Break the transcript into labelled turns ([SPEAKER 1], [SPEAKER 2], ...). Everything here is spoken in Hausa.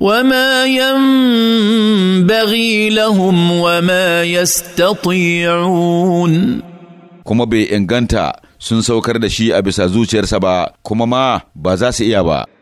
[SPEAKER 1] وما ينبغي لهم وما يستطيعون kuma bai inganta sun saukar da shi a bisa
[SPEAKER 2] zuciyarsa ba kuma ma ba za su iya ba